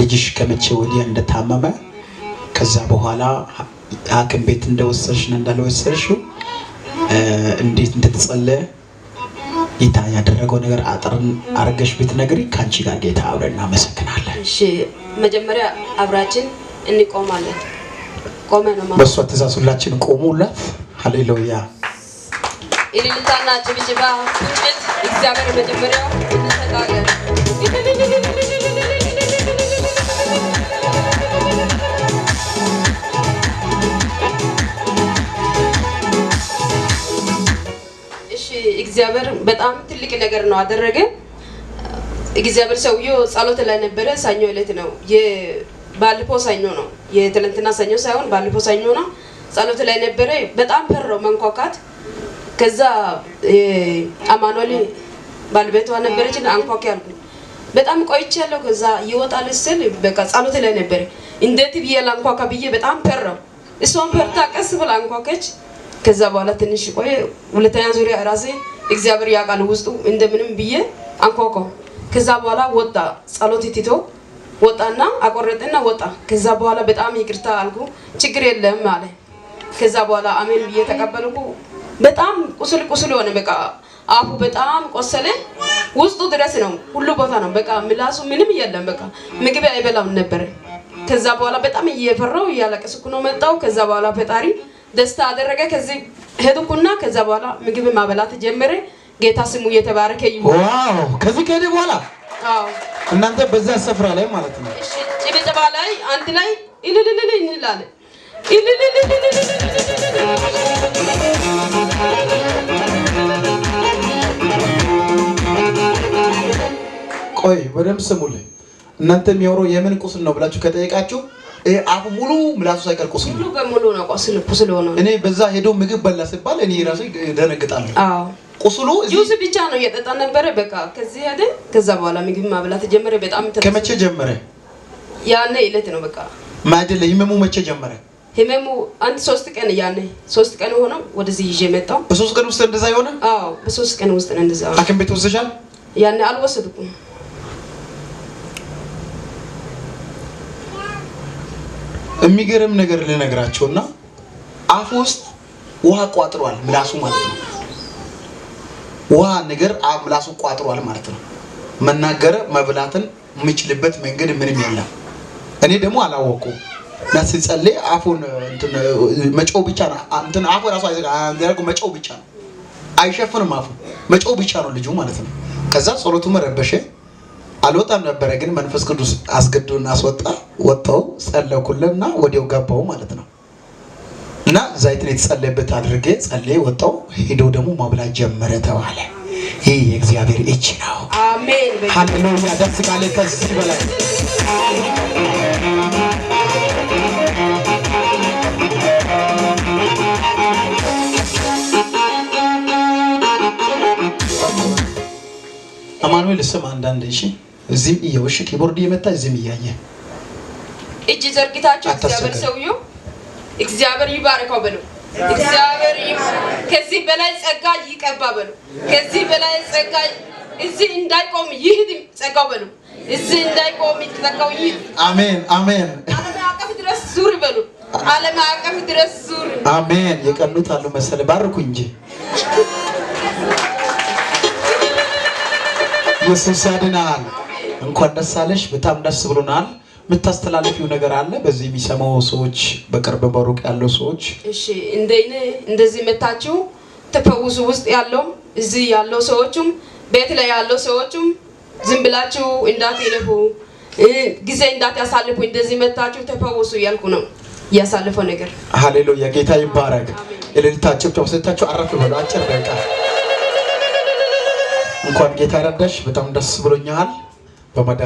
ልጅሽ ከመቼ ወዲህ እንደታመመ ከዛ በኋላ ሐኪም ቤት እንደወሰድሽና እንዳልወሰድሽው እንዴት እንደተጸለ ጌታ ያደረገው ነገር አጥርን አርገሽ ብትነግሪ ከአንቺ ጋር ጌታ አብረን እናመሰግናለን። እሺ መጀመሪያ አብራችን እንቆማለን። ቆመ ነው በእሷ ትእዛዝ ሁላችን ቆሙላት። ሃሌሉያ እግዚአብሔር እግዚአብሔር በጣም ትልቅ ነገር ነው አደረገ። እግዚአብሔር ሰውዬው ጸሎት ላይ ነበረ። ሰኞ እለት ነው ባለፈው ሰኞ ነው የትላንትና ሰኞ ሳይሆን ባለፈው ሰኞ ነው። ጸሎት ላይ ነበረ። በጣም ፈረው መንኳኳት። ከዛ አማኑኤል ባለቤቷ ነበረች አንኳኳ ያልኩ በጣም ቆይቼ ያለው ከዛ ይወጣል ስል በቃ ጸሎት ላይ ነበረ። እንዴት ብዬ ላንኳኳ ብዬ በጣም ፈረው። እሷን ፈርታ ቀስ ብላ አንኳከች። ከዛ በኋላ ትንሽ ቆየ። ሁለተኛ ዙሪያ ራሴ እግዚአብሔር ያውቃል ውስጡ እንደምንም ብዬ አንኳኳ። ከዛ በኋላ ወጣ፣ ጸሎት ትቶ ወጣና አቆረጠና ወጣ። ከዛ በኋላ በጣም ይቅርታ አልኩ፣ ችግር የለም አለ። ከዛ በኋላ አሜን ብዬ ተቀበልኩ። በጣም ቁስል ቁስል ሆነ፣ በቃ አፉ በጣም ቆሰለ፣ ውስጡ ድረስ ነው፣ ሁሉ ቦታ ነው፣ በቃ ምላሱ ምንም የለም፣ በቃ ምግብ አይበላም ነበር። ከዛ በኋላ በጣም እየፈራው እያለቀስኩ ነው መጣው። ከዛ በኋላ ፈጣሪ ደስታ አደረገ። ከዚህ ሄድኩና ከዛ በኋላ ምግብ ማበላት ጀመረ። ጌታ ስሙ እየተባረከ ይሁን። ዋው! ከዚህ ከሄደ በኋላ አዎ፣ እናንተ በዛ ስፍራ ላይ ማለት ነው። እሺ፣ ጭብጨባ ላይ አንድ ላይ ኢልልልል እንላለን። ቆይ በደምብ ስሙልኝ። እናንተ የሚያወራው የምን ቁስል ነው ብላችሁ ከጠየቃችሁ አፉ ሙሉ ምላሱ ሳይቀር ቁስል ሙሉ በሙሉ ነው። ቁስል ቁስል ሆኖ እኔ በዛ ሄዶ ምግብ በላ ሲባል እኔ ራሴ ደነግጣለሁ። አዎ ቁስሉ ጁስ ብቻ ነው እየጠጣ ነበረ። በቃ ከዚህ ሄደ። ከዛ በኋላ ምግብ ማብላት ጀመረ። በጣም ከመቼ ጀመረ? ያነ ይለት ነው በቃ ማደለ ህመሙ መቼ ጀመረ? ህመሙ አንድ ሶስት ቀን ያነ ሶስት ቀን ሆኖ ወደዚህ ይዤ መጣሁ። በሶስት ቀን ውስጥ እንደዛ ይሆነ? አዎ በሶስት ቀን ውስጥ እንደዛ ሆነ። ሐኪም ቤት ወስደሻል? ያኔ አልወሰድኩም የሚገርም ነገር ልነግራቸውና አፍ ውስጥ ውሃ ቋጥሯል፣ ምላሱ ማለት ነው። ውሃ ነገር ምላሱ ቋጥሯል ማለት ነው። መናገር መብላትን የሚችልበት መንገድ ምንም የለም። እኔ ደግሞ አላወቁም እና ሲጸልይ አፉን መጮው ብቻ ነው እንትን አፉ ራሱ መጮው ብቻ ነው፣ አይሸፍንም። አፉ መጮው ብቻ ነው ልጁ ማለት ነው። ከዛ ጸሎቱ መረበሸ አልወጣም ነበረ፣ ግን መንፈስ ቅዱስ አስገድዶን አስወጣ። ወጣው ጸለኩልና ወዲያው ገባው ማለት ነው። እና ዘይትን የተጸለየበት አድርጌ ጸለየ፣ ወጣው። ሄደው ደግሞ ማብላት ጀመረ ተባለ። ይህ የእግዚአብሔር እጅ ነው። አሜን። ሃሌሉያ። ደስ ካለ ከዚህ በላይ አማኑኤል ስም አንዳንድ እሺ እዚህም እየው እሺ፣ ኪቦርድ እየመታ እዚህም እያየ እጅ ዘርግታችሁ እግዚአብሔር ሰውዬው እግዚአብሔር ይባረከው በሉ። እግዚአብሔር ከዚህ በላይ ጸጋ ይቀባ በሉ። ከዚህ በላይ ጸጋ እዚህ እንዳይቆም ይሂድ ጸጋው በሉ። እዚህ እንዳይቆም ይጠቃው ይሂድ። አሜን አሜን። ዓለም አቀፍ ድረስ ዙር በሉ። ዓለም አቀፍ ድረስ ዙር። አሜን። የቀኑት አሉ መሰለ ባርኩ እንጂ ኢየሱስ ያድናል። እንኳን ደስ አለሽ። በጣም ደስ ብሎናል። የምታስተላልፊው ነገር አለ በዚህ የሚሰማው ሰዎች፣ በቅርብ በሩቅ ያለው ሰዎች? እሺ እንደ እንደዚህ መታችሁ ተፈውሱ። ውስጥ ያለው እዚህ ያለው ሰዎችም ቤት ላይ ያለው ሰዎችም ዝም ብላችሁ እንዳትለፉ፣ ጊዜ እንዳትያሳልፉ፣ እንደዚህ መታችሁ ተፈውሱ እያልኩ ነው ያሳልፈው ነገር። ሃሌሉያ ጌታ ይባረክ። እልልታችሁ ተወሰታችሁ አረፍ በሉ። አጭር ደቂቃ እንኳን ጌታ ረዳሽ። በጣም ደስ ብሎኛል። But my dad